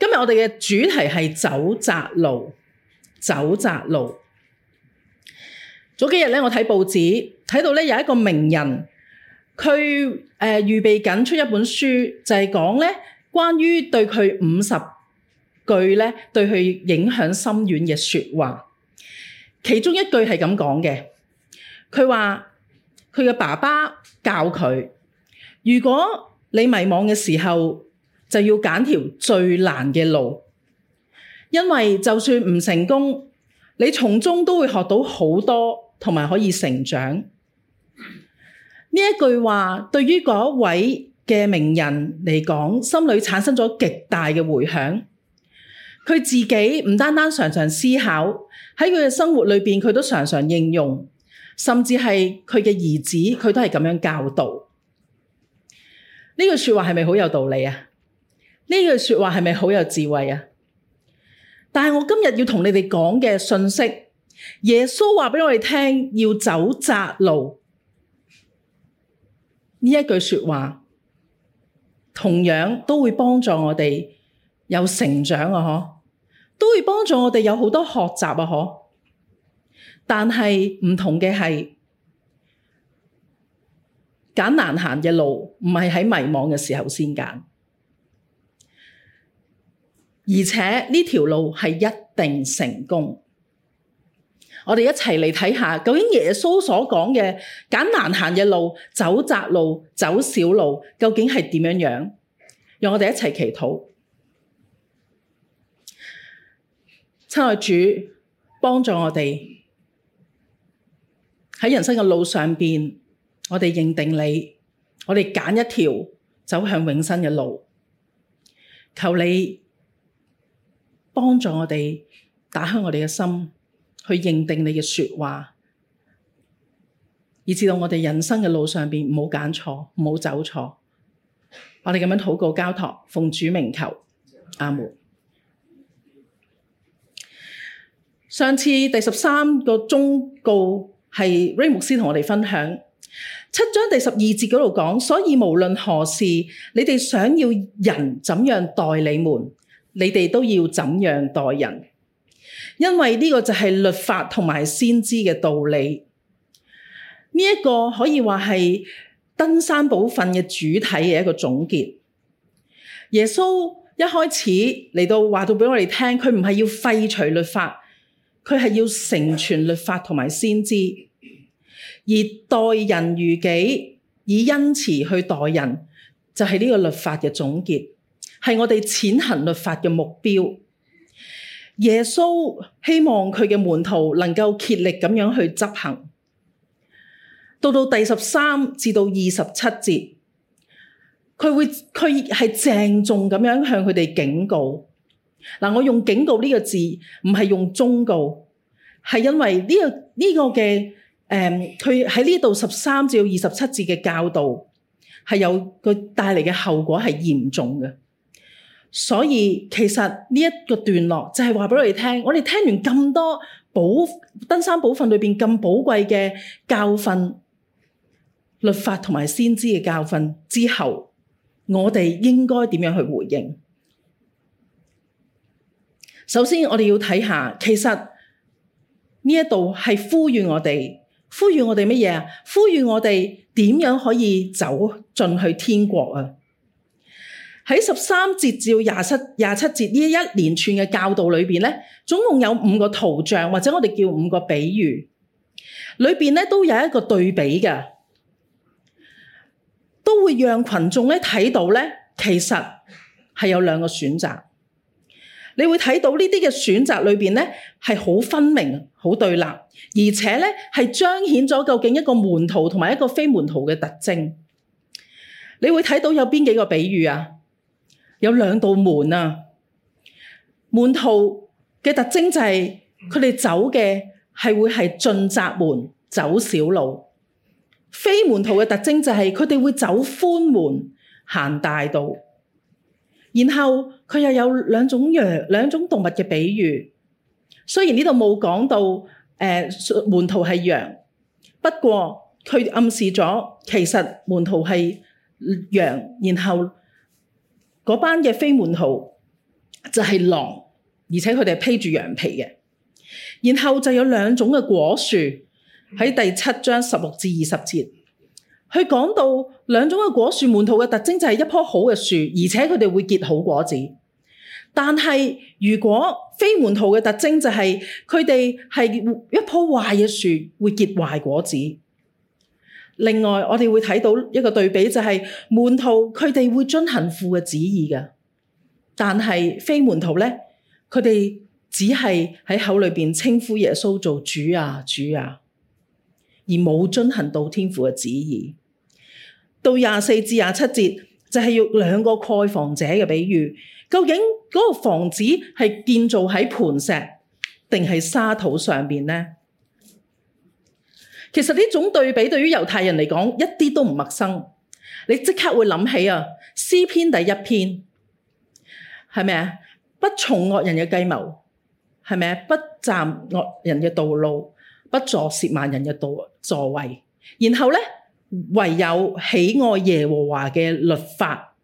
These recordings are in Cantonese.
今日我哋嘅主題係走窄路，走窄路。早幾日咧，我睇報紙睇到咧有一個名人，佢誒預備緊出一本書，就係講咧關於對佢五十句咧對佢影響深遠嘅說話。其中一句係咁講嘅，佢話佢嘅爸爸教佢，如果你迷惘嘅時候，就要揀條最難嘅路，因為就算唔成功，你從中都會學到好多，同埋可以成長。呢句話對於嗰位嘅名人嚟講，心裏產生咗極大嘅回響。佢自己唔單單常常思考，喺佢嘅生活裏面，佢都常常應用，甚至係佢嘅兒子，佢都係咁樣教導。呢句說話係咪好有道理啊？呢句說話係咪好有智慧啊？但係我今日要同你哋講嘅信息，耶穌話畀我哋聽，要走窄路，呢一句說話同樣都會幫助我哋有成長啊！嗬，都會幫助我哋有好多學習啊！嗬，但係唔同嘅係揀難行嘅路，唔係喺迷茫嘅時候先揀。而且呢條路係一定成功，我哋一齊嚟睇下，究竟耶穌所講嘅揀難行嘅路、走窄路、走小路，究竟係點樣樣？讓我哋一齊祈禱，親愛主，幫助我哋喺人生嘅路上邊，我哋認定你，我哋揀一條走向永生嘅路，求你。幫助我哋打開我哋嘅心，去認定你嘅說話，以至到我哋人生嘅路上邊唔好揀錯，唔好走錯。我哋咁樣禱告交託，奉主名求，阿門。上次第十三個忠告係 Ray 牧師同我哋分享，七章第十二節嗰度講，所以無論何事，你哋想要人怎樣待你們。你哋都要怎樣待人，因為呢個就係律法同埋先知嘅道理。呢一個可以話係登山寶訓嘅主體嘅一個總結。耶穌一開始嚟到話到畀我哋聽，佢唔係要廢除律法，佢係要成全律法同埋先知。而待人如己，以恩慈去待人，就係呢個律法嘅總結。係我哋踐行律法嘅目標。耶穌希望佢嘅門徒能夠竭力咁樣去執行。到到第十三至到二十七節，佢會佢係鄭重咁樣向佢哋警告。嗱，我用警告呢個字，唔係用忠告，係因為呢個呢個嘅誒，佢喺呢度十三至到二十七節嘅教導，係有佢帶嚟嘅後果係嚴重嘅。所以其實呢一個段落就係話俾我哋聽，我哋聽完咁多寶登山寶訓裏邊咁寶貴嘅教訓、律法同埋先知嘅教訓之後，我哋應該點樣去回應？首先，我哋要睇下，其實呢一度係呼籲我哋，呼籲我哋乜嘢？呼籲我哋點樣可以走進去天國啊？喺十三節至到廿七廿七節呢一連串嘅教導裏邊咧，總共有五個圖像或者我哋叫五個比喻，裏邊咧都有一個對比嘅，都會讓群眾咧睇到咧，其實係有兩個選擇。你會睇到呢啲嘅選擇裏邊咧係好分明、好對立，而且咧係彰顯咗究竟一個門徒同埋一個非門徒嘅特徵。你會睇到有邊幾個比喻啊？有兩道門啊，門徒嘅特徵就係佢哋走嘅係會係進窄門走小路，非門徒嘅特徵就係佢哋會走寬門行大道。然後佢又有兩種羊、兩種動物嘅比喻，雖然呢度冇講到誒、呃、門徒係羊，不過佢暗示咗其實門徒係羊，然後。嗰班嘅非門徒就係狼，而且佢哋披住羊皮嘅。然後就有兩種嘅果樹喺第七章十六至二十節，佢講到兩種嘅果樹，門徒嘅特徵就係一棵好嘅樹，而且佢哋會結好果子。但係如果非門徒嘅特徵就係佢哋係一棵壞嘅樹，會結壞果子。另外，我哋會睇到一個對比，就係、是、門徒佢哋會遵行父嘅旨意嘅，但係非門徒咧，佢哋只係喺口裏邊稱呼耶穌做主啊主啊，而冇遵行到天父嘅旨意。到廿四至廿七節就係、是、要兩個蓋房者嘅比喻，究竟嗰個房子係建造喺磐石定係沙土上邊咧？其實呢種對比對於猶太人嚟講一啲都唔陌生，你即刻會諗起啊《詩篇》第一篇，係咪啊？不從惡人嘅計謀，係咪啊？不站惡人嘅道路，不坐褻慢人嘅座座位，然後咧，唯有喜愛耶和華嘅律法，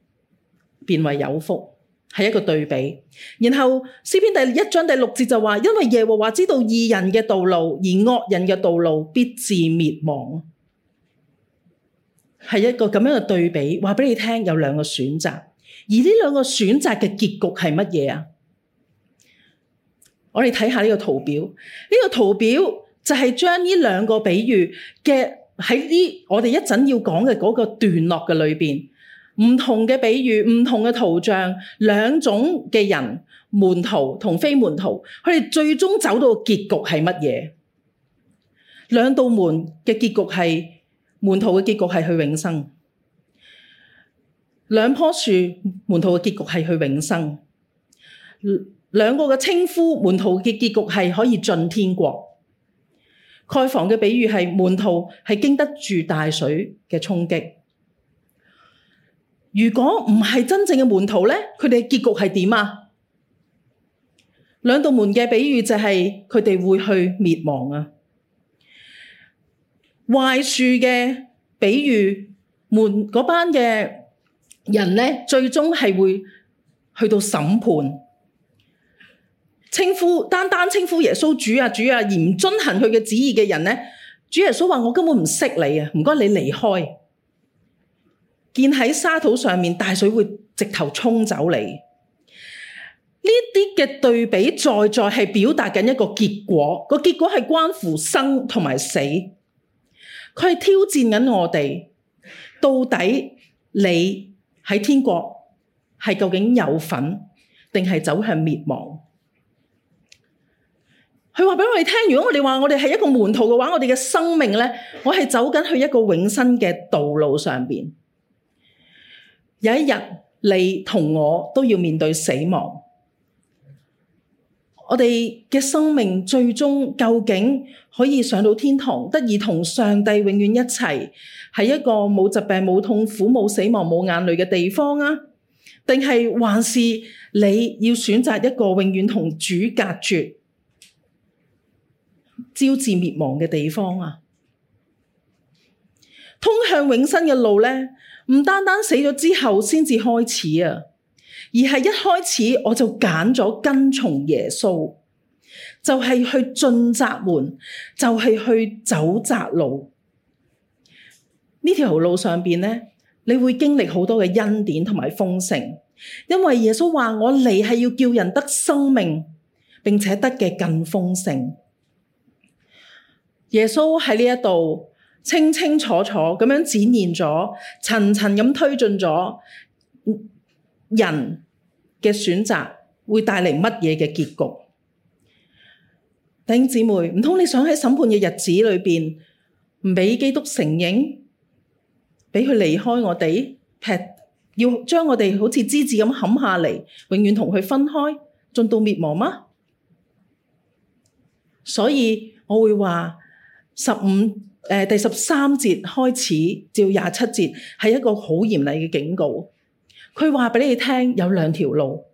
便為有福。係一個對比，然後詩篇第一章第六節就話，因為耶和華知道義人嘅道路，而惡人嘅道路必至滅亡。係一個咁樣嘅對比，話畀你聽，有兩個選擇，而呢兩個選擇嘅結局係乜嘢啊？我哋睇下呢個圖表，呢、呢個圖表就係將呢兩個比喻嘅喺呢我哋一陣要講嘅嗰個段落嘅裏邊。唔同嘅比喻，唔同嘅圖像，兩種嘅人門徒同非門徒，佢哋最終走到嘅結局係乜嘢？兩道門嘅結局係門徒嘅結局係去永生，兩棵樹門徒嘅結局係去永生，兩個嘅稱呼門徒嘅結局係可以進天國。蓋房嘅比喻係門徒係經得住大水嘅衝擊。如果唔係真正嘅門徒呢，佢哋結局係點啊？兩道門嘅比喻就係佢哋會去滅亡啊！壞樹嘅比喻，門嗰班嘅人呢，最終係會去到審判。稱呼單單稱呼耶穌主啊主啊，而唔遵行佢嘅旨意嘅人呢，主耶穌話：我根本唔識你啊，唔該你離開。建喺沙土上面，大水會直頭衝走你。呢啲嘅對比在在係表達緊一個結果，個結果係關乎生同埋死。佢係挑戰緊我哋，到底你喺天國係究竟有份，定係走向滅亡？佢話畀我哋聽，如果我哋話我哋係一個門徒嘅話，我哋嘅生命咧，我係走緊去一個永生嘅道路上邊。有一日，你同我都要面對死亡。我哋嘅生命最終究竟可以上到天堂，得以同上帝永遠一齊，喺一個冇疾病、冇痛苦、冇死亡、冇眼淚嘅地方啊？定係還是你要選擇一個永遠同主隔絕、招致滅亡嘅地方啊？通向永生嘅路呢？唔單單死咗之後先至開始啊，而係一開始我就揀咗跟從耶穌，就係去進窄門，就係去走窄路。呢條路上邊呢，你會經歷好多嘅恩典同埋豐盛，因為耶穌話我嚟係要叫人得生命，並且得嘅更豐盛。耶穌喺呢一度。.清清楚楚咁樣展現咗，層層咁推進咗人嘅選擇，會帶嚟乜嘢嘅結局？弟兄姊妹，唔通你想喺審判嘅日子裏邊，唔畀基督承認，畀佢離開我哋，劈要將我哋好似枝子咁冚下嚟，永遠同佢分開，進到滅亡嗎？所以我會話十五。第十三節開始至廿七節係一個好嚴厲嘅警告。佢話俾你聽有兩條路，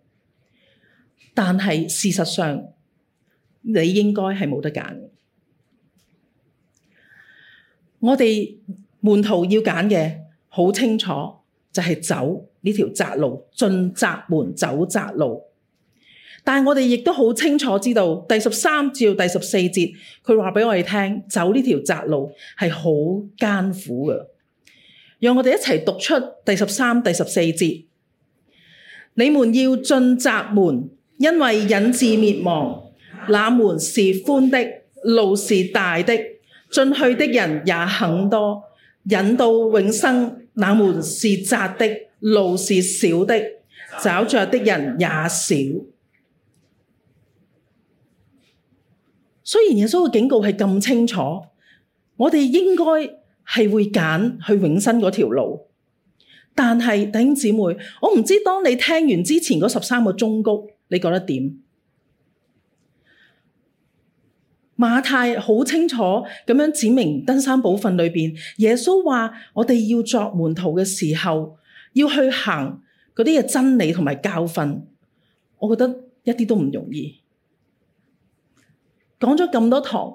但係事實上你應該係冇得揀嘅。我哋門徒要揀嘅好清楚，就係走呢條窄路，進窄門，走窄路。但我哋亦都好清楚知道，第十三至第十四節佢話畀我哋聽，走呢條窄路係好艱苦嘅。讓我哋一齊讀出第十三、第十四節：你們要進窄門，因為引致滅亡，那門是寬的，路是大的，進去的人也很多；引到永生，那門是窄的，路是小的，找着的人也少。雖然耶穌嘅警告係咁清楚，我哋應該係會揀去永生嗰條路。但係弟兄姊妹，我唔知當你聽完之前嗰十三個忠告，你覺得點？馬太好清楚咁樣指明登山寶訓裏邊，耶穌話我哋要作門徒嘅時候，要去行嗰啲嘅真理同埋教訓。我覺得一啲都唔容易。講咗咁多堂，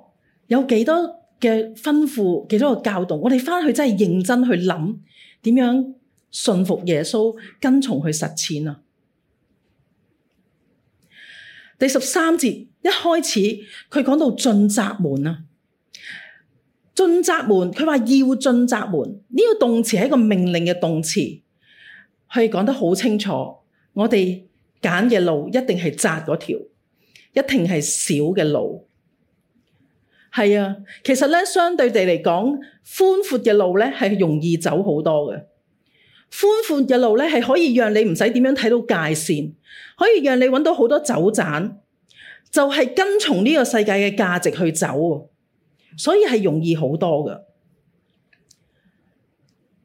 有幾多嘅吩咐，幾多個教導，我哋翻去真係認真去諗，點樣順服耶穌，跟從佢去實踐啊？第十三節一開始，佢講到進窄門啊，進窄門，佢話要進窄門，呢、這個動詞係一個命令嘅動詞，佢講得好清楚，我哋揀嘅路一定係窄嗰條，一定係小嘅路。係啊，其實咧相對地嚟講，寬闊嘅路咧係容易走好多嘅。寬闊嘅路咧係可以讓你唔使點樣睇到界線，可以讓你揾到好多走盞，就係跟從呢個世界嘅價值去走，所以係容易好多噶。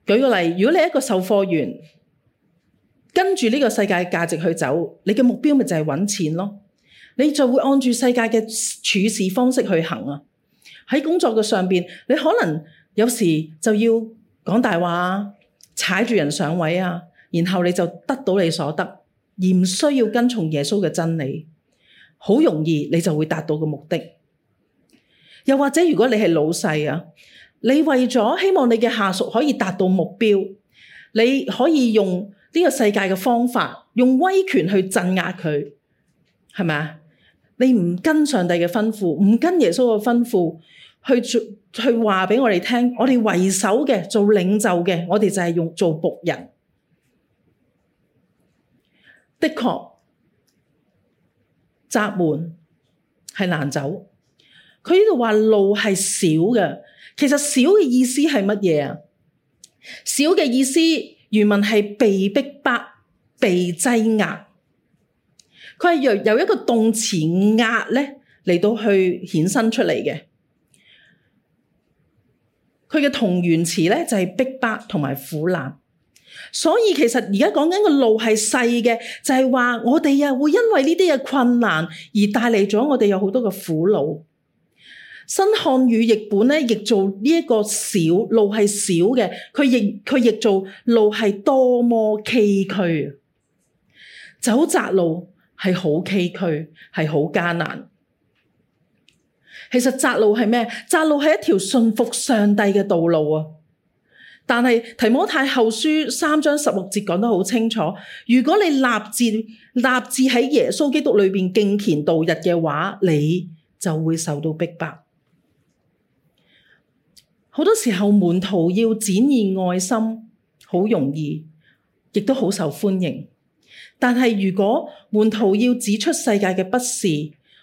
舉個例，如果你一個售貨員跟住呢個世界嘅價值去走，你嘅目標咪就係揾錢咯，你就會按住世界嘅處事方式去行啊。喺工作嘅上邊，你可能有時就要講大話，踩住人上位啊，然後你就得到你所得，而唔需要跟從耶穌嘅真理，好容易你就會達到個目的。又或者如果你係老細啊，你為咗希望你嘅下屬可以達到目標，你可以用呢個世界嘅方法，用威權去鎮壓佢，係咪啊？你唔跟上帝嘅吩咐，唔跟耶穌嘅吩咐去做，去話俾我哋聽。我哋為首嘅做領袖嘅，我哋就係用做僕人。的確，窄門係難走。佢呢度話路係小嘅，其實小嘅意思係乜嘢啊？小嘅意思原文係被逼迫、被擠壓。佢係由一個動詞壓咧嚟到去衍生出嚟嘅，佢嘅同源詞咧就係、是、逼迫同埋苦難，所以其實而家講緊個路係細嘅，就係、是、話我哋啊會因為呢啲嘅困難而帶嚟咗我哋有好多嘅苦惱。新漢語譯本咧譯做呢一個小路係少嘅，佢譯佢譯做路係多麼崎嶇，走窄路。係好崎嶇，係好艱難。其實窄路係咩？窄路係一條信服上帝嘅道路啊！但係提摩太後書三章十六節講得好清楚：如果你立志立志喺耶穌基督裏邊敬虔度日嘅話，你就會受到逼迫。好多時候門徒要展現愛心，好容易，亦都好受歡迎。但係，如果門徒要指出世界嘅不是，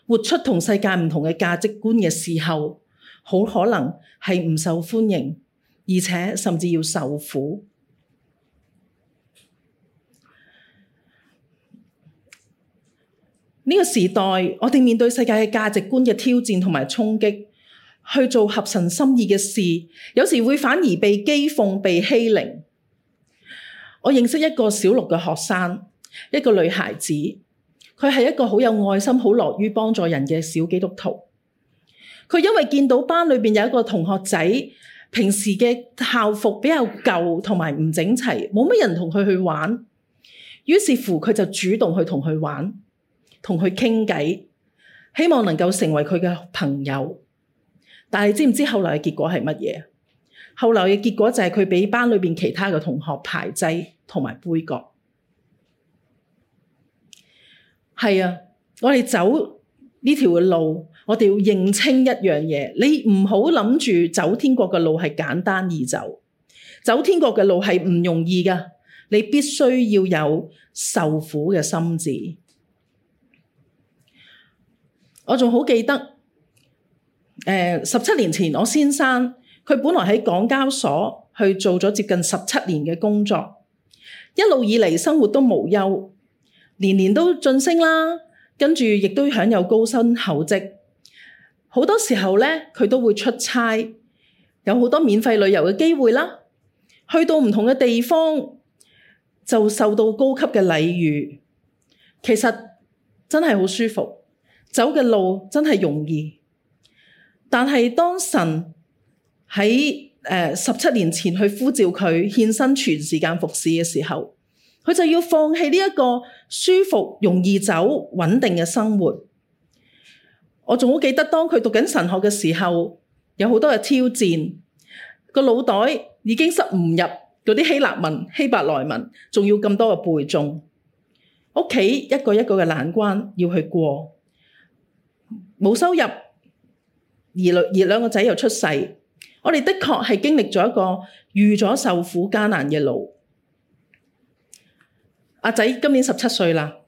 活出同世界唔同嘅價值觀嘅時候，好可能係唔受歡迎，而且甚至要受苦。呢個時代，我哋面對世界嘅價值觀嘅挑戰同埋衝擊，去做合神心意嘅事，有時會反而被譏諷、被欺凌。我認識一個小六嘅學生。一個女孩子，佢係一個好有愛心、好樂於幫助人嘅小基督徒。佢因為見到班裏邊有一個同學仔，平時嘅校服比較舊同埋唔整齊，冇乜人同佢去玩。於是乎，佢就主動去同佢玩，同佢傾偈，希望能夠成為佢嘅朋友。但係知唔知後來嘅結果係乜嘢？後來嘅結果就係佢畀班裏邊其他嘅同學排擠同埋杯葛。係啊，我哋走呢條路，我哋要認清一樣嘢。你唔好諗住走天國嘅路係簡單易走，走天國嘅路係唔容易㗎。你必須要有受苦嘅心智。我仲好記得，誒、呃，十七年前我先生，佢本來喺港交所去做咗接近十七年嘅工作，一路以嚟生活都無憂。年年都晉升啦，跟住亦都享有高薪厚職。好多時候咧，佢都會出差，有好多免費旅遊嘅機會啦。去到唔同嘅地方，就受到高級嘅禮遇。其實真係好舒服，走嘅路真係容易。但係當神喺誒十七年前去呼召佢獻身全時間服侍嘅時候。佢就要放棄呢一個舒服、容易走、穩定嘅生活。我仲好記得，當佢讀緊神學嘅時候，有好多嘅挑戰，個腦袋已經塞唔入嗰啲希臘文、希伯來文，仲要咁多嘅背誦。屋企一個一個嘅難關要去過，冇收入，而兩而兩個仔又出世，我哋的確係經歷咗一個預咗受苦艱難嘅路。阿仔今年十七歲啦，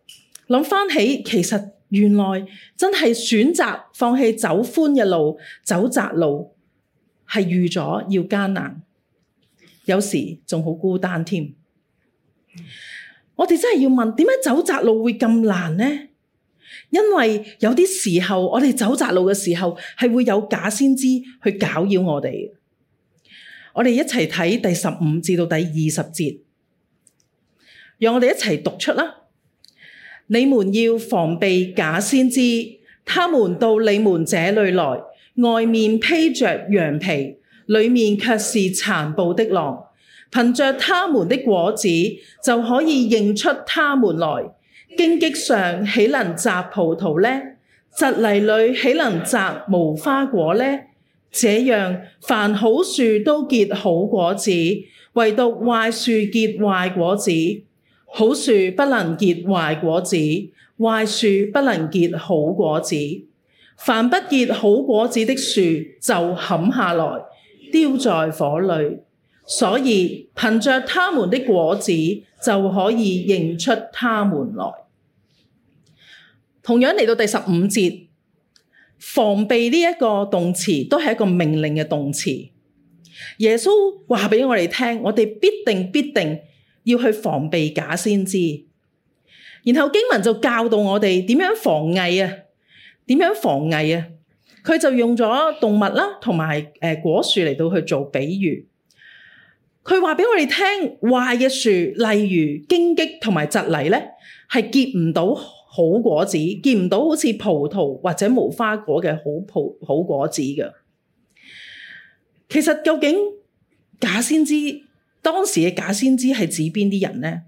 諗翻起其實原來真係選擇放棄走寬嘅路，走窄路係預咗要艱難，有時仲好孤單添。我哋真係要問，點解走窄路會咁難呢？因為有啲時候我哋走窄路嘅時候係會有假先知去攪擾我哋。我哋一齊睇第十五至到第二十節。讓我哋一齊讀出啦！你們要防備假先知，他們到你們這裏來，外面披着羊皮，裏面卻是殘暴的狼。憑着他們的果子就可以認出他們來。荊棘上豈能摘葡萄呢？蒺藜裏豈能摘無花果呢？這樣，凡好樹都結好果子，唯獨壞樹結壞果子。好樹不能結壞果子，壞樹不能結好果子。凡不結好果子的樹就砍下來，丟在火裏。所以憑着他們的果子就可以認出他們來。同樣嚟到第十五節，防備呢一個動詞都係一個命令嘅動詞。耶穌話俾我哋聽，我哋必定必定。必定要去防備假先知，然後經文就教導我哋點樣防偽啊？點樣防偽啊？佢就用咗動物啦、啊，同埋誒果樹嚟到去做比喻。佢話俾我哋聽，壞嘅樹，例如荊棘同埋蒺藜咧，係結唔到好果子，結唔到好似葡萄或者無花果嘅好葡好果子嘅。其實究竟假先知，當時嘅假先知係指邊啲人呢？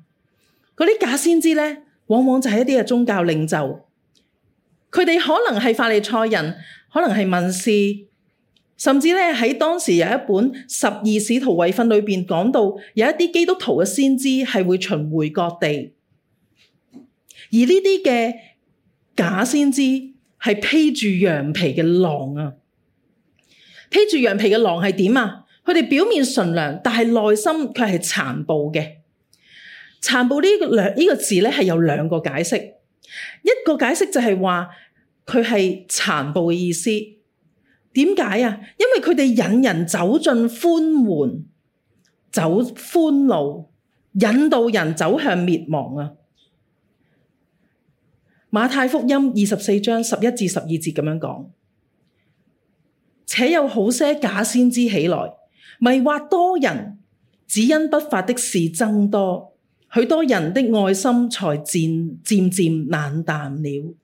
嗰啲假先知咧，往往就係一啲嘅宗教領袖，佢哋可能係法利賽人，可能係文士，甚至咧喺當時有一本《十二使徒遺訓》裏邊講到，有一啲基督徒嘅先知係會巡迴各地，而呢啲嘅假先知係披住羊皮嘅狼啊！披住羊皮嘅狼係點啊？佢哋表面純良，但係內心卻係殘暴嘅。殘暴呢個字呢，係有兩個解釋。一個解釋就係話佢係殘暴嘅意思。點解啊？因為佢哋引人走進寬門，走寬路，引導人走向滅亡啊！馬太福音二十四章十一至十二節咁樣講，且有好些假先知起來。迷惑多人，只因不法的事增多，許多人的愛心才漸漸漸冷淡了。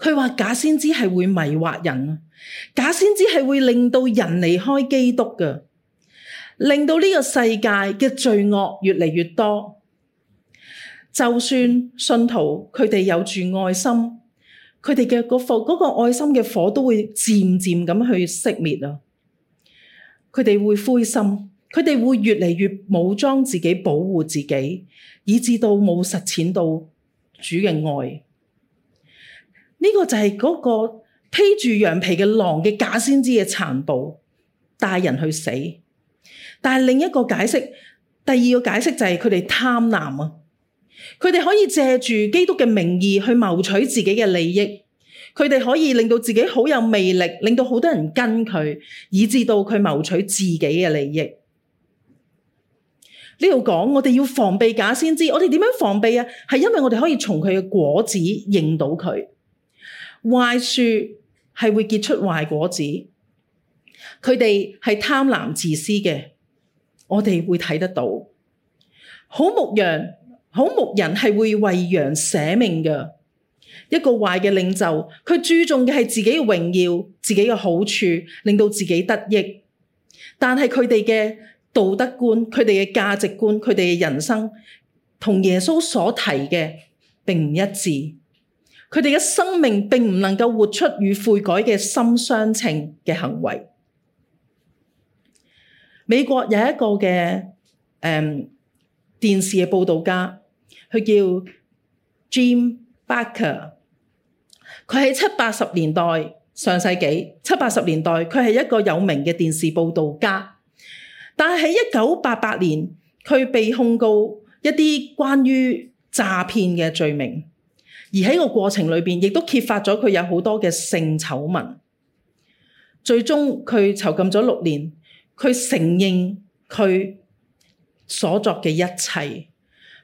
佢話假先知係會迷惑人啊，假先知係會令到人離開基督噶，令到呢個世界嘅罪惡越嚟越多。就算信徒佢哋有住愛心，佢哋嘅個個愛心嘅火都會漸漸咁去熄滅啊。佢哋會灰心，佢哋會越嚟越武裝自己保護自己，以至到冇實踐到主嘅愛。呢個就係嗰個披住羊皮嘅狼嘅假先知嘅殘暴，帶人去死。但係另一個解釋，第二個解釋就係佢哋貪婪啊！佢哋可以借住基督嘅名義去謀取自己嘅利益。佢哋可以令到自己好有魅力，令到好多人跟佢，以致到佢謀取自己嘅利益。呢度講，我哋要防備假先知，我哋點樣防備啊？係因為我哋可以從佢嘅果子認到佢。壞樹係會結出壞果子，佢哋係貪婪自私嘅，我哋會睇得到。好牧羊、好牧人係會為羊捨命嘅。一個壞嘅領袖，佢注重嘅係自己嘅榮耀、自己嘅好處，令到自己得益。但係佢哋嘅道德觀、佢哋嘅價值觀、佢哋嘅人生，同耶穌所提嘅並唔一致。佢哋嘅生命並唔能夠活出與悔改嘅心相稱嘅行為。美國有一個嘅誒、嗯、電視嘅布道家，佢叫 Jim。巴克，佢喺七八十年代上世紀，七八十年代佢係一個有名嘅電視佈道家，但係喺一九八八年，佢被控告一啲關於詐騙嘅罪名，而喺個過程裏邊，亦都揭發咗佢有好多嘅性醜聞，最終佢囚禁咗六年，佢承認佢所作嘅一切，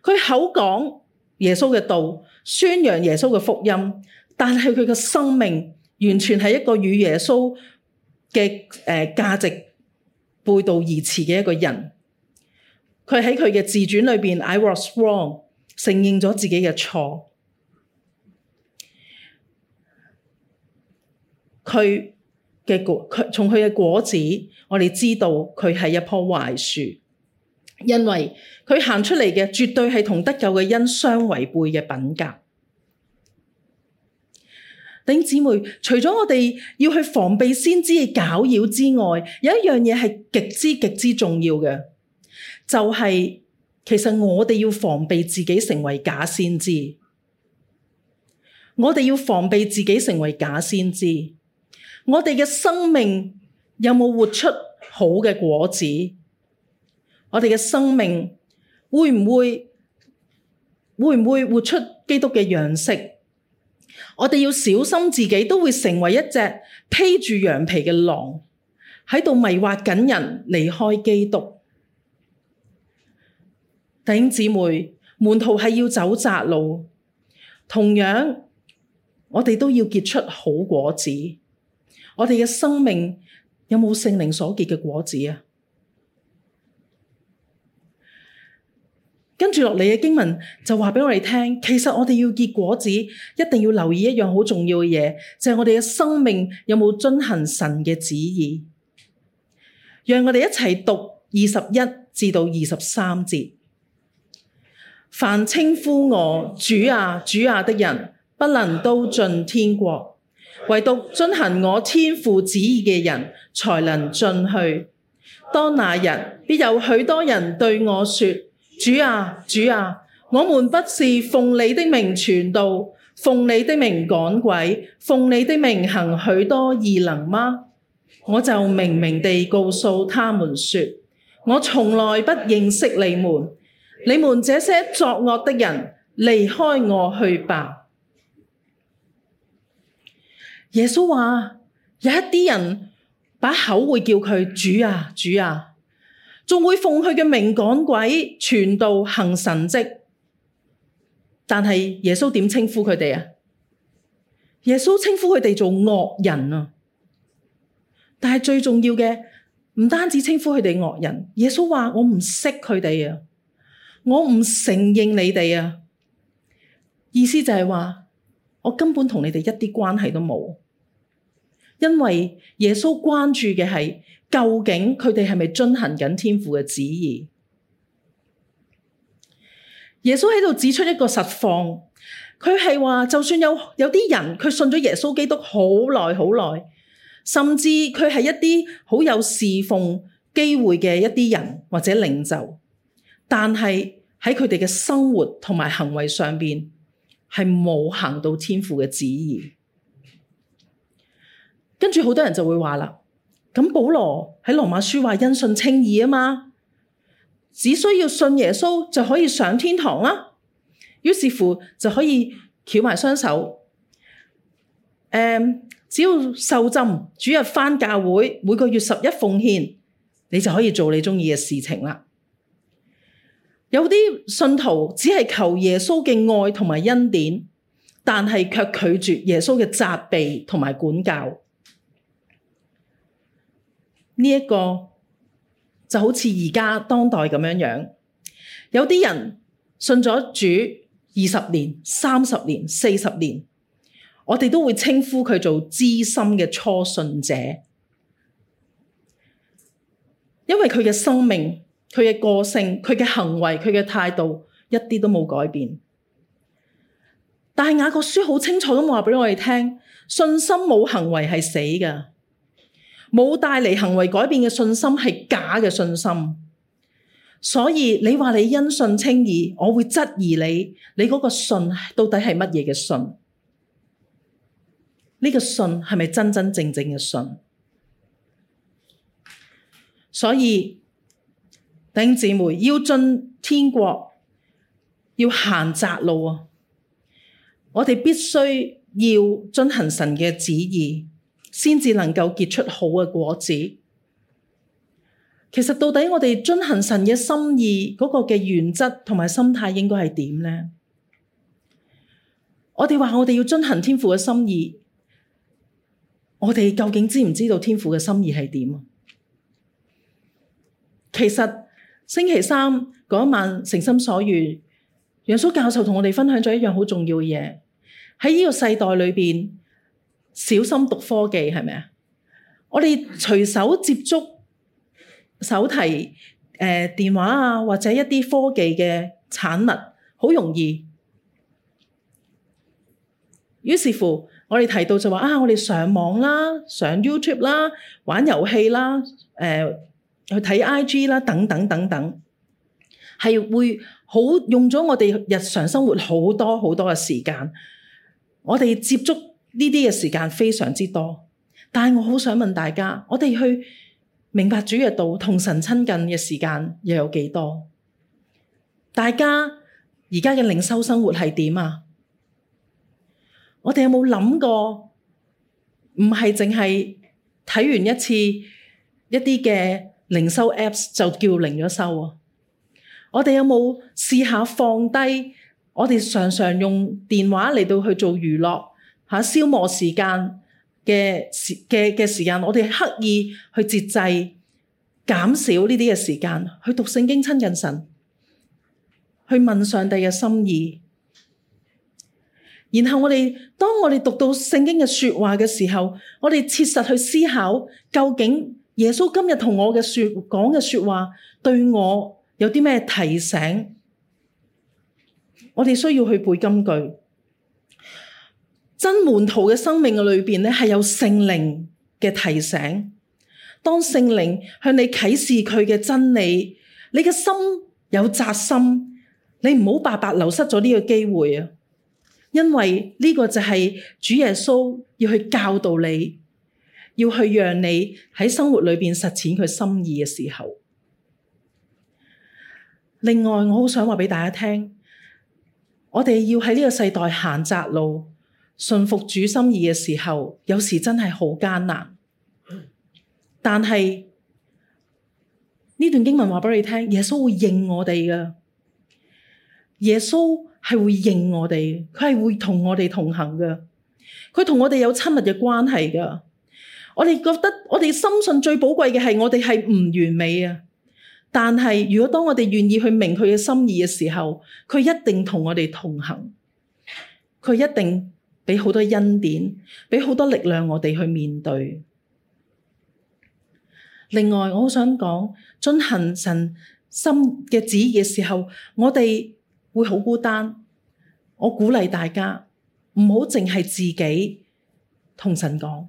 佢口講。耶穌嘅道，宣揚耶穌嘅福音，但係佢嘅生命完全係一個與耶穌嘅誒價值背道而馳嘅一個人。佢喺佢嘅自傳裏邊，I was wrong，承認咗自己嘅錯。佢嘅果，佢從佢嘅果子，我哋知道佢係一棵壞樹。因為佢行出嚟嘅絕對係同得救嘅恩相違背嘅品格。頂姊妹，除咗我哋要去防備先知嘅攪擾之外，有一樣嘢係極之極之重要嘅，就係、是、其實我哋要防備自己成為假先知。我哋要防備自己成為假先知。我哋嘅生命有冇活出好嘅果子？我哋嘅生命會唔會，會唔會活出基督嘅樣式？我哋要小心自己都會成為一隻披住羊皮嘅狼，喺度迷惑緊人離開基督。弟兄姊妹，門徒係要走窄路，同樣我哋都要結出好果子。我哋嘅生命有冇聖靈所結嘅果子啊？跟住落嚟嘅經文就話畀我哋聽，其實我哋要結果子，一定要留意一樣好重要嘅嘢，就係我哋嘅生命有冇遵行神嘅旨意。讓我哋一齊讀二十一至到二十三節。凡稱呼我主啊、主啊的人，不能都進天國；唯獨遵行我天父旨意嘅人，才能進去。當那日，必有許多人對我說。主啊，主啊，我們不是奉你的名傳道，奉你的名趕鬼，奉你的名行許多異能嗎？我就明明地告訴他們說，我從來不認識你們，你們這些作惡的人，離開我去吧。耶穌話：有一啲人把口會叫佢主啊，主啊。仲會奉佢嘅名趕鬼傳道行神蹟，但係耶穌點稱呼佢哋啊？耶穌稱呼佢哋做惡人啊！但係最重要嘅唔單止稱呼佢哋惡人，耶穌話我唔識佢哋啊，我唔承認你哋啊，意思就係話我根本同你哋一啲關係都冇，因為耶穌關注嘅係。究竟佢哋係咪遵行緊天父嘅旨意？耶穌喺度指出一個實況，佢係話，就算有有啲人佢信咗耶穌基督好耐好耐，甚至佢係一啲好有侍奉機會嘅一啲人或者領袖，但係喺佢哋嘅生活同埋行為上面係冇行到天父嘅旨意。跟住好多人就會話啦。咁保羅喺羅馬書話因信稱義啊嘛，只需要信耶穌就可以上天堂啦。於是乎就可以翹埋雙手，誒、嗯，只要受浸，主日翻教會，每個月十一奉獻，你就可以做你鍾意嘅事情啦。有啲信徒只係求耶穌嘅愛同埋恩典，但係卻拒絕耶穌嘅責備同埋管教。呢一個就好似而家當代咁樣樣，有啲人信咗主二十年、三十年、四十年，我哋都會稱呼佢做知心嘅初信者，因為佢嘅生命、佢嘅個性、佢嘅行為、佢嘅態度一啲都冇改變。但係雅各書好清楚咁話俾我哋聽，信心冇行為係死嘅。冇帶嚟行為改變嘅信心係假嘅信心，所以你話你因信稱義，我會質疑你，你嗰個信到底係乜嘢嘅信？呢個信係咪真真正正嘅信？所以，弟兄姊妹要進天國，要行窄路啊！我哋必須要遵行神嘅旨意。先至能夠結出好嘅果子。其實到底我哋遵行神嘅心意嗰個嘅原則同埋心態應該係點呢？我哋話我哋要遵行天父嘅心意，我哋究竟知唔知道天父嘅心意係點？其實星期三嗰晚誠心所願，楊蘇教授同我哋分享咗一樣好重要嘅嘢，喺呢個世代裏邊。小心讀科技係咪啊！我哋隨手接觸手提誒、呃、電話啊，或者一啲科技嘅產物，好容易。於是乎，我哋提到就話、是、啊，我哋上網啦，上 YouTube 啦，玩遊戲啦，誒、呃、去睇 IG 啦，等等等等，係會好用咗我哋日常生活好多好多嘅時間。我哋接觸。呢啲嘅時間非常之多，但係我好想問大家，我哋去明白主日道、同神親近嘅時間又有幾多？大家而家嘅靈修生活係點啊？我哋有冇諗過，唔係淨係睇完一次一啲嘅靈修 apps 就叫靈咗修啊？我哋有冇試下放低我哋常常用電話嚟到去做娛樂？消磨時間嘅時嘅嘅時間，我哋刻意去節制，減少呢啲嘅時間去讀聖經親近神，去問上帝嘅心意。然後我哋當我哋讀到聖經嘅說話嘅時候，我哋切實去思考，究竟耶穌今日同我嘅說講嘅說，說話對我有啲咩提醒？我哋需要去背金句。真門徒嘅生命嘅裏邊咧，係有聖靈嘅提醒。當聖靈向你啟示佢嘅真理，你嘅心有扎心，你唔好白白流失咗呢個機會啊！因為呢個就係主耶穌要去教導你，要去讓你喺生活裏邊實踐佢心意嘅時候。另外，我好想話畀大家聽，我哋要喺呢個世代行窄路。信服主心意嘅時候，有時真係好艱難。但係呢段經文話畀你聽，耶穌會認我哋嘅。耶穌係會認我哋，佢係會同我哋同行嘅。佢同我哋有親密嘅關係嘅。我哋覺得，我哋深信最寶貴嘅係我哋係唔完美啊。但係如果當我哋願意去明佢嘅心意嘅時候，佢一定同我哋同行。佢一定。俾好多恩典，畀好多力量我哋去面對。另外，我好想講，遵行神心嘅旨意嘅時候，我哋會好孤單。我鼓勵大家，唔好淨係自己同神講，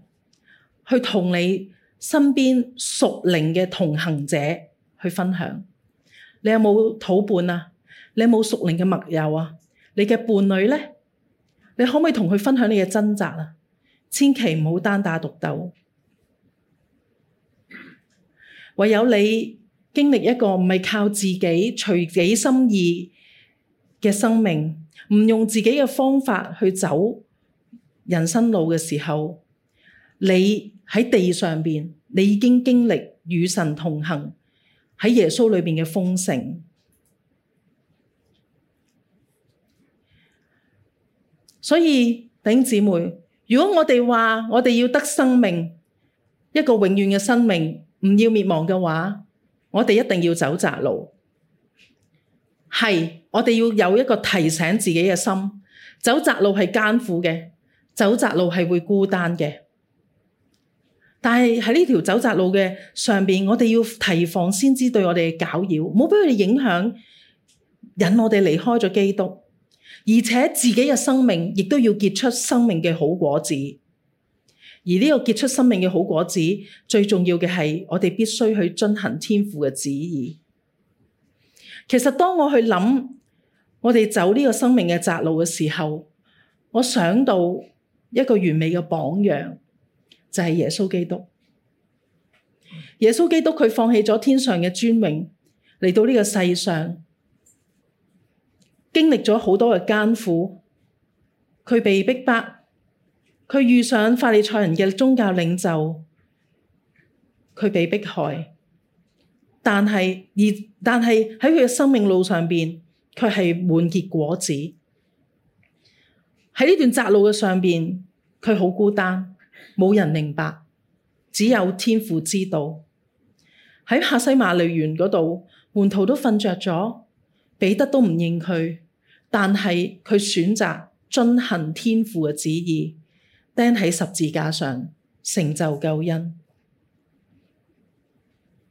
去同你身邊屬靈嘅同行者去分享。你有冇土伴啊？你有冇屬靈嘅密友啊？你嘅伴侶咧？你可唔可以同佢分享你嘅掙扎啊？千祈唔好單打獨鬥，唯有你經歷一個唔係靠自己隨己心意嘅生命，唔用自己嘅方法去走人生路嘅時候，你喺地上邊，你已經經歷與神同行喺耶穌裏邊嘅豐盛。所以，弟兄姊妹，如果我哋話我哋要得生命，一個永遠嘅生命，唔要滅亡嘅話，我哋一定要走窄路。係，我哋要有一個提醒自己嘅心，走窄路係艱苦嘅，走窄路係會孤單嘅。但係喺呢條走窄路嘅上邊，我哋要提防先知對我哋嘅攪擾，唔好俾佢哋影響，引我哋離開咗基督。而且自己嘅生命亦都要結出生命嘅好果子，而呢個結出生命嘅好果子，最重要嘅係我哋必須去遵行天父嘅旨意。其實當我去諗我哋走呢個生命嘅窄路嘅時候，我想到一個完美嘅榜樣就係耶穌基督。耶穌基督佢放棄咗天上嘅尊榮嚟到呢個世上。經歷咗好多嘅艱苦，佢被逼迫，佢遇上法利賽人嘅宗教領袖，佢被迫害。但係而但係喺佢嘅生命路上邊，佢係滿結果子。喺呢段窄路嘅上邊，佢好孤單，冇人明白，只有天父知道。喺客西馬尼園嗰度，門徒都瞓着咗。彼得都唔認佢，但係佢選擇遵行天父嘅旨意，釘喺十字架上，成就救恩。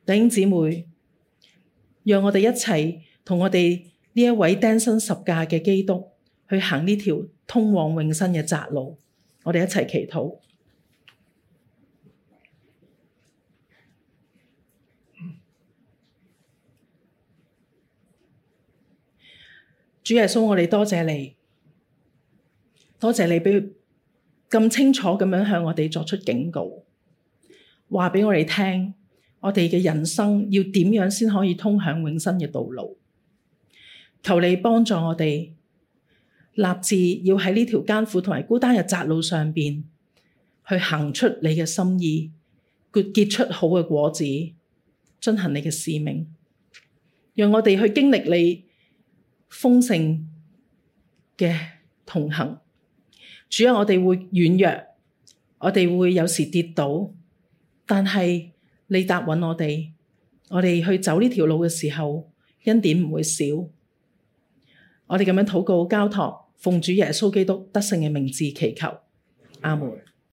弟兄姊妹，讓我哋一齊同我哋呢一位釘身十架嘅基督去行呢條通往永生嘅窄路。我哋一齊祈禱。主耶穌，我哋多謝，謝你，多謝，謝你畀咁清楚咁樣向我哋作出警告，話畀我哋聽，我哋嘅人生要點樣先可以通向永生嘅道路？求你幫助我哋立志要喺呢條艱苦同埋孤單嘅窄路上邊去行出你嘅心意，結出好嘅果子，進行你嘅使命，讓我哋去經歷你。豐盛嘅同行，主，要我哋會軟弱，我哋會有時跌倒，但係你答允我哋，我哋去走呢條路嘅時候，恩典唔會少。我哋咁樣禱告交託，奉主耶穌基督得勝嘅名字祈求，阿門。